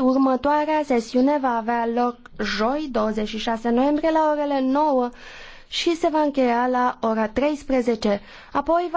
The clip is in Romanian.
Următoarea sesiune va avea loc joi, 26 noiembrie, la orele 9 și se va încheia la ora 13. Apoi va